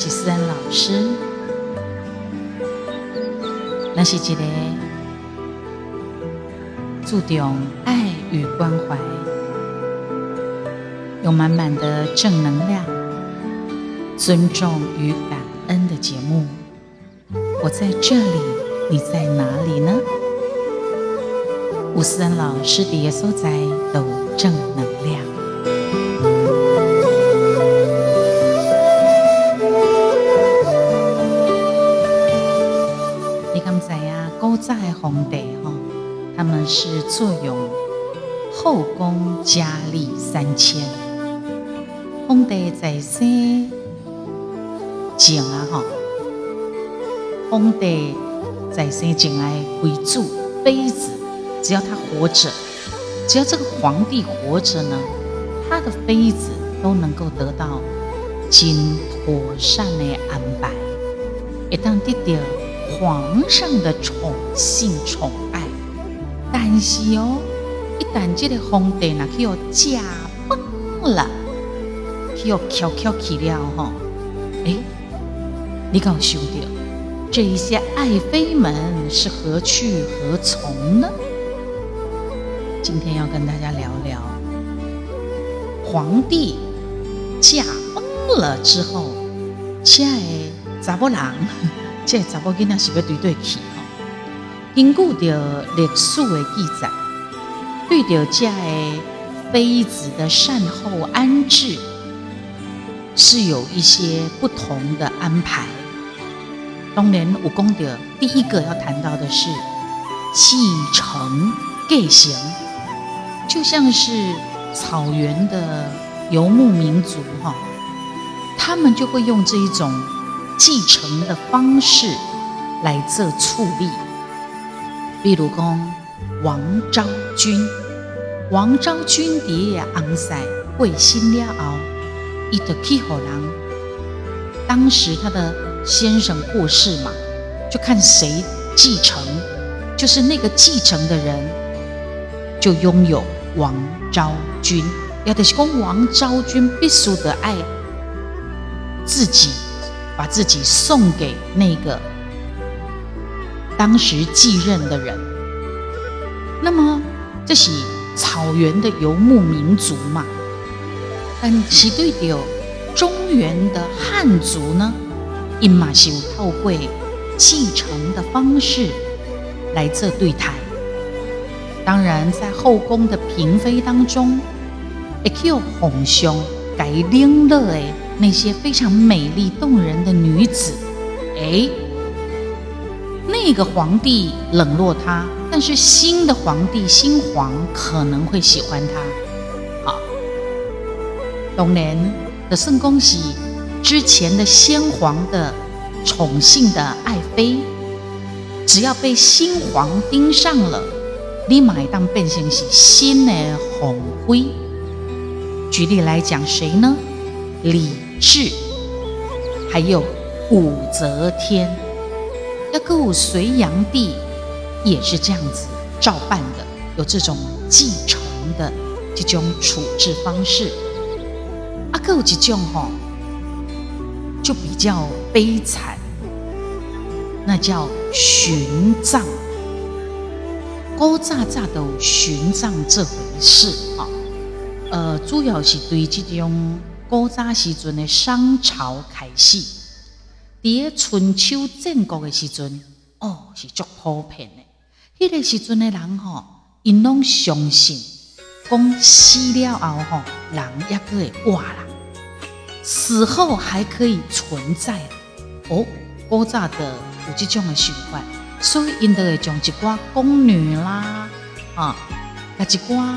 吳思恩老師，那是一個注重愛與關懷、有滿滿的正能量、尊重與感恩的節目。我在這裡，你在哪裡呢？吳思恩老師的所在都有正能量。都在皇帝哈，他們是坐擁後宮佳麗三千。皇帝在生敬啊哈，皇帝在生敬來妃子，妃子只要他活着，只要這個皇帝活着呢，他的妃子都能夠得到很妥善的安排。一旦得到。皇上的寵幸寵愛，但是哦，一旦這個皇帝呢，他駕崩了，他要翹翹起了哈、哦。誒，你講兄弟，這一些愛妃們是何去何從呢？今天要跟大家聊聊，皇帝駕崩了之後，親愛的扎布朗。這找埔囡仔是要對對起吼、哦，根據着歷史的記載，對的，在妃子的善後安置是有一些不同的安排。當年武功的，第一個要談到的是繼承繼行，就像是草原的游牧民族哈、哦，他們就會用這一種。繼承的方式來做處理。例如說，王昭君，王昭君爹也紅塞，貴心了後，伊的去給人。當時他的先生過世嘛，就看誰繼承，就是那個繼承的人就擁有王昭君。要的是，說王昭君必須得愛自己。把自己送給那個當時繼任的人。那麼這是草原的游牧民族嘛？但相對的，中原的漢族呢，因為是有透過繼承的方式來做對台。當然，在後宮的嬪妃當中，也叫紅香改領樂哎。那些非常美麗動人的女子，哎，那個皇帝冷落她，但是新的皇帝新皇可能會喜歡她。好，董蓮的聖恭喜，之前的先皇的寵幸的愛妃，只要被新皇盯上了，立馬當變成是，新的紅妃。舉例來講，誰呢？李。是，還有武則天，那個隋煬帝也是這樣子照辦的，有這種繼承的這種處置方式。啊夠幾種吼，就比較悲慘，那叫殉葬，高渣渣的殉葬這回事啊。呃，主要是對這種。古早時陣的商朝開始，佇咧春秋戰國的時陣，哦是足普遍的。迄個時陣的人吼，因攏相信講死了後吼，人抑閣會活啦，死後還可以存在。哦，古早的有即種的想法，所以因都會將一寡宮女啦，啊，一寡。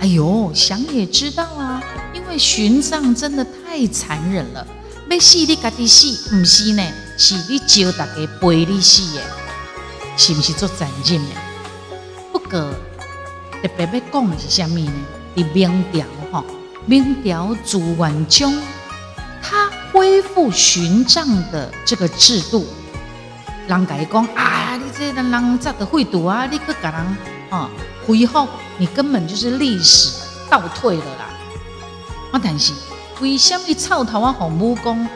哎喲，想也知道啊，因為殉葬真的太殘忍了。要死你家己死，不是呢，是你叫大家陪你死的，是不是做殘忍呢？不過特別要講的是什麼呢？在明朝哈，明朝朱元璋他恢復殉葬的這個制度，人家講啊，你這個人人在的廢都啊，你去給人。啊、哦，恢復你根本就是歷史倒退了啦！啊，但是為什麼臭頭啊洪武公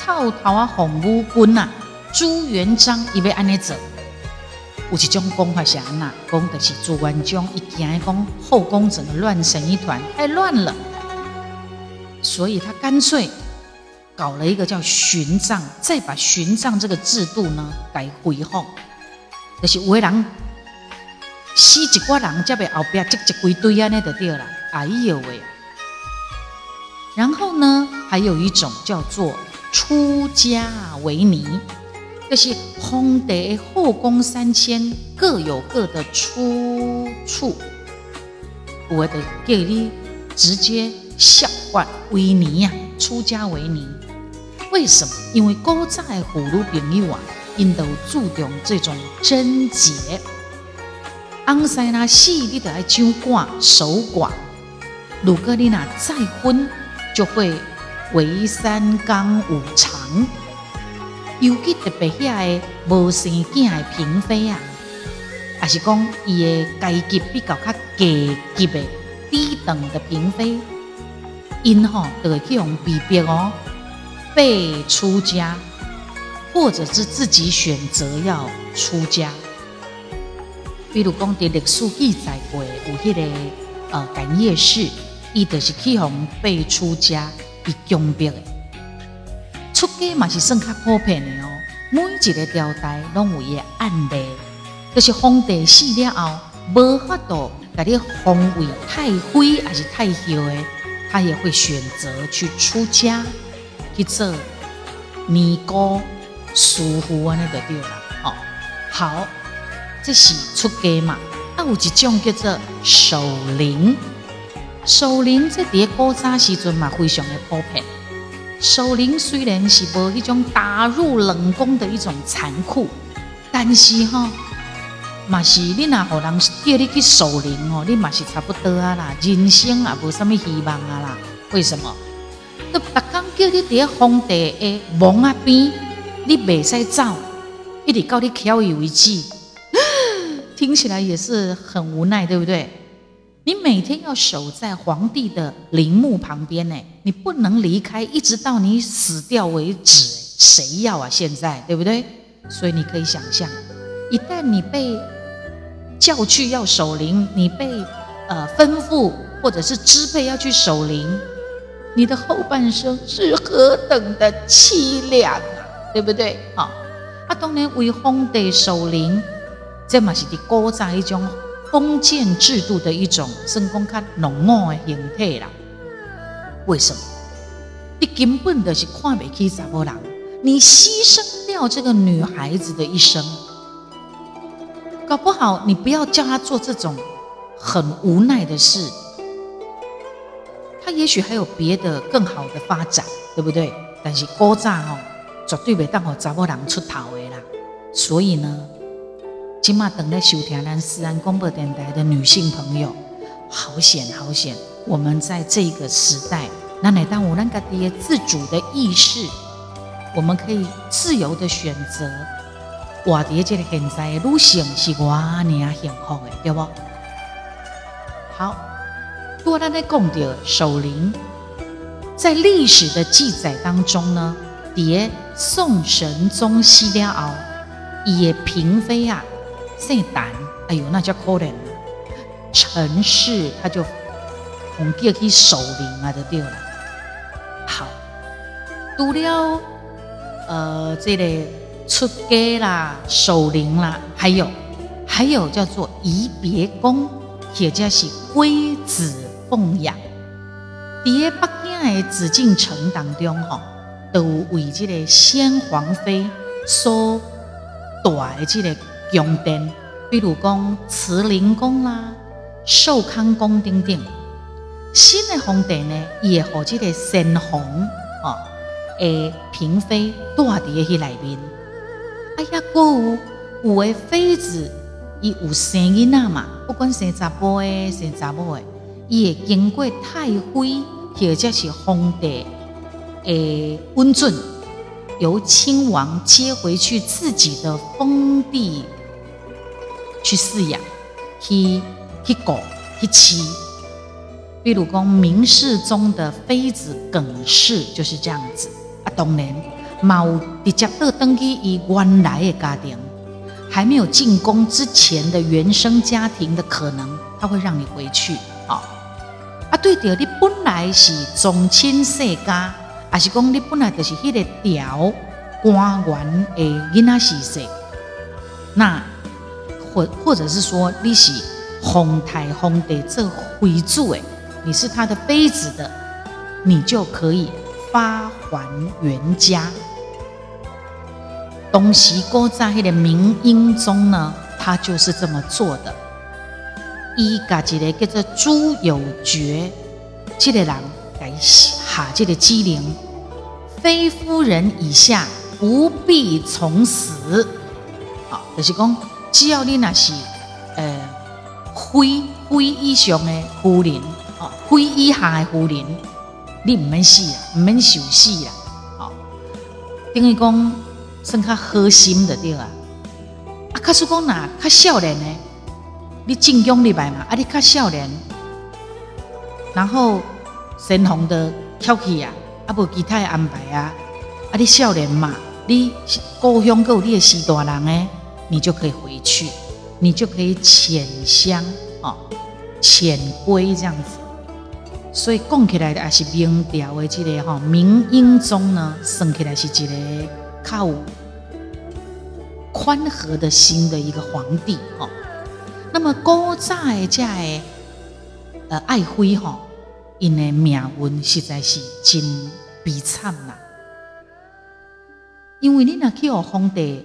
臭頭啊洪武君啊，朱元璋伊要安尼做？有一種說法是安那，講的是朱元璋伊見講後宮整個亂成一團，太亂了，所以他乾脆搞了一個叫「殉葬」，再把「殉葬」這個制度呢改恢復，就是有個人。死一掛人，才被後邊積積堆堆啊！那得對了，哎呦喂！然後呢，還有一種叫做出家為尼，這是皇帝的後宮三千各有各的出處。我的建議你直接削髮為尼呀，啊，出家為尼。為什麼？因為高在路頂一碗，因都注重這種貞潔。尪婿若死，你就要守寡，守寡。如果你若再婚，就會違三綱五常。尤其特別遐個無生子的嬪妃啊，也是講伊的階級比較比較低級的低等的嬪妃，因吼都會去用逼迫哦，被出家，或者是自己選擇要出家。比如講，佇歷史記載過有迄、那個呃，感業寺，伊著是去奉拜出家，是降的。出家嘛是算較普遍的哦，每一個朝代攏有伊的案例，著、就是皇帝死了後，無法度，甲你封為太灰還是太後的，他也會選擇去出家，去做尼姑、師傅安呢著對了、哦，好。這是出家嘛？啊，有一種叫做守靈。守靈佇咧古早時陣嘛，非常的普遍。守靈雖然是無迄種打入冷宮的一種殘酷，但是吼、哦，嘛是你若有人叫你去守靈吼，你嘛是差不多啊啦。人生也無啥物希望啊啦。為什麼？都別人叫你佇咧皇帝誒，墓啊邊，你袂使走，一直到你巧以為止。聽起來也是很無奈，對不對？你每天要守在皇帝的陵墓旁邊，呢，你不能離開，一直到你死掉為止，誰要啊？現在，對不對？所以你可以想象，一旦你被叫去要守陵，你被呃吩咐或者是支配要去守陵，你的後半生是何等的淒涼啊，對不對？哦、啊，他當年為皇帝守陵。這嘛是佇古早一種封建制度的一種甚公卡濃厚的形態啦。為什麼？你根本就是看不起查甫人，你犧牲掉這個女孩子的一生，搞不好你不要叫她做這種很無奈的事，她也許還有別的更好的發展，對不對？但是古早哦，絕對袂當讓查甫人出頭的啦。所以呢？起碼等在收聽咱私人廣播電台的女性朋友，好險好險！我們在這個時代，那來當有那個喋自主的意識，我們可以自由的選擇。我喋這裡現在，如果是我，喜你也幸福的，對不？好，多咱咧講到守靈，在歷史的記載當中呢，喋宋神宗西天鰲也個嬪妃啊。姓誕，哎喲，那叫可憐了。陳氏他就紅街去守靈啊，就，就對了。好，除了，呃，這個出家啦，守靈啦，還有，還有叫做移別宮，或者是歸子奉養。佇個北京的紫禁城當中，哦，吼，都為這個先皇妃所帶這個。宮殿，比如講慈寧宮啦、壽康宮等等。新的皇帝呢，伊會和這個先皇哦，誒，嬪妃住佇去裡面。哎呀，過有有誒妃子，伊有生囡仔嘛？不管生查埔誒，生查某誒，伊會經過太妃或者是皇帝誒恩準，由親王接回去自己的封地。去飼養，去去狗，去飼，比如講，明世宗的妃子耿氏就是這樣子。啊，當然，貓直接要登去於原來的家庭，還沒有進宮之前的原生家庭的可能，他會讓你回去。好、哦，啊，對著，你本來是宗親世家，還是講你本來就是迄個調官員的囡仔？是誰？那。或者是說你是哄抬哄得這貴族哎，你是他的妃子的，你就可以發還原家。董西鞏在他的名音中呢，他就是這麼做的。一家一個叫做朱友珏，這個人給下這個指令：非夫人以下不必從死。好，有其鞏。只要你若是，呃，非非以上的夫人哦，非以下的夫人，你毋免死啦，毋免受死啦，哦，等於講算較好心着對啊。啊，可是講哪，較少年呢？你晉江入來嘛，啊，你較少年，然後身紅着翹起啊，啊，無其他的安排啊，啊，你少年嘛，你故鄉閣有你的序大人誒。你就可以回去，你就可以潛鄉哦，潛歸這樣子。所以講起來的是明朝的這個哈，明英宗呢算起來是一個靠寬和的心的一個皇帝哈。那麼古早的這個呃愛妃哈，因的命運實在是真悲慘啦，因為你那去學皇帝。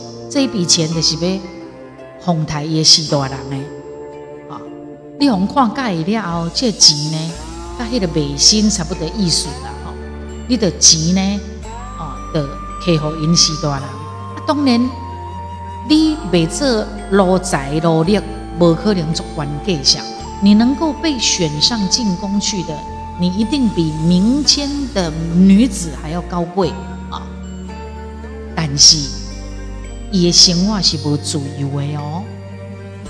這一筆錢就是要洪台爺吸大，哦哦哦、大人啊！你洪看解了後，這錢呢，甲迄個美心才不得意思吼。你的錢呢，啊，得可以因銀大人。啊，當然，你未做奴才、奴隸，無可能做官計想。你能夠被選上進宮去的，你一定比民間的女子還要高貴啊，但是。野心我是不注意為哦，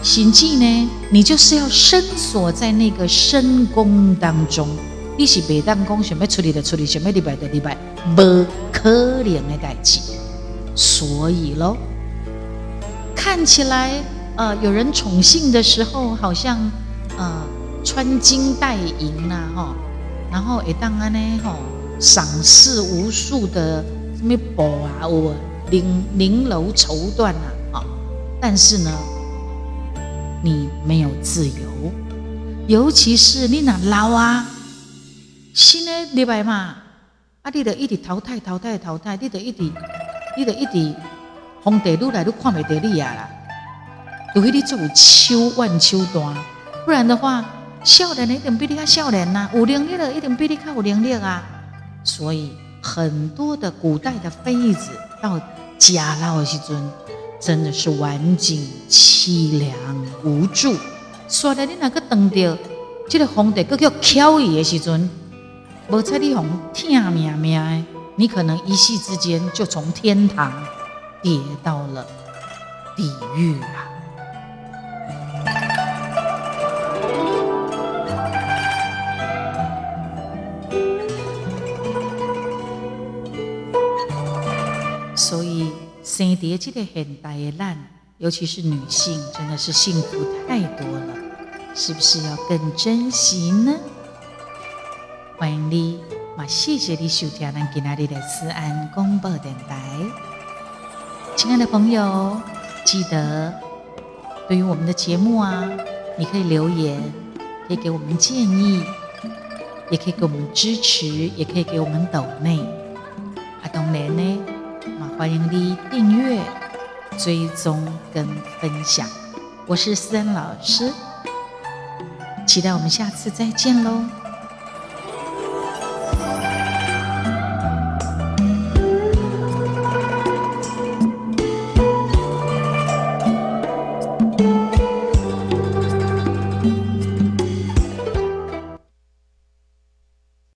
心計呢，你就是要深鎖在那個深宮當中，你是袂當講什麼處理的處理，什麼禮拜的禮拜，不可能的代志。所以咯，看起來呃，有人寵幸的時候，好像呃穿金戴銀吶、啊、吼、哦，然後會當安呢吼，賞賜無數的什麼寶啊物。零羅綢緞啊，好，哦，但是呢，你沒有自由，尤其是你那老啊，新的禮拜嘛，啊，你得一直淘汰淘汰淘汰，你得一直，你得一直，皇帝入來都看不得你啊啦，除非你做千萬手段，不然的話，少年人一定比你比較少年啊，有能力的一定比你比較有能力啊，所以。很多的古代的妃子，到家老的時候，陣真的是晚景淒涼無助。說的你那個等到，這個皇帝個叫翹翹的時陣，無彩你紅天命命的，你可能一夕之間就從天堂跌到了地獄啊！生一疊這個很大一難，尤其是女性，真的是幸福太多了，是不是要更珍惜呢？歡迎你，馬謝謝你收聽南吉那的慈安廣播電台。親愛的朋友，記得對於我們的節目啊，你可以留言，可以給我們建議，也可以給我們支持，也可以給我們 donate。啊，donate 呢？歡迎你訂閱、追蹤跟分享，我是思恩老師，期待我們下次再見嘍。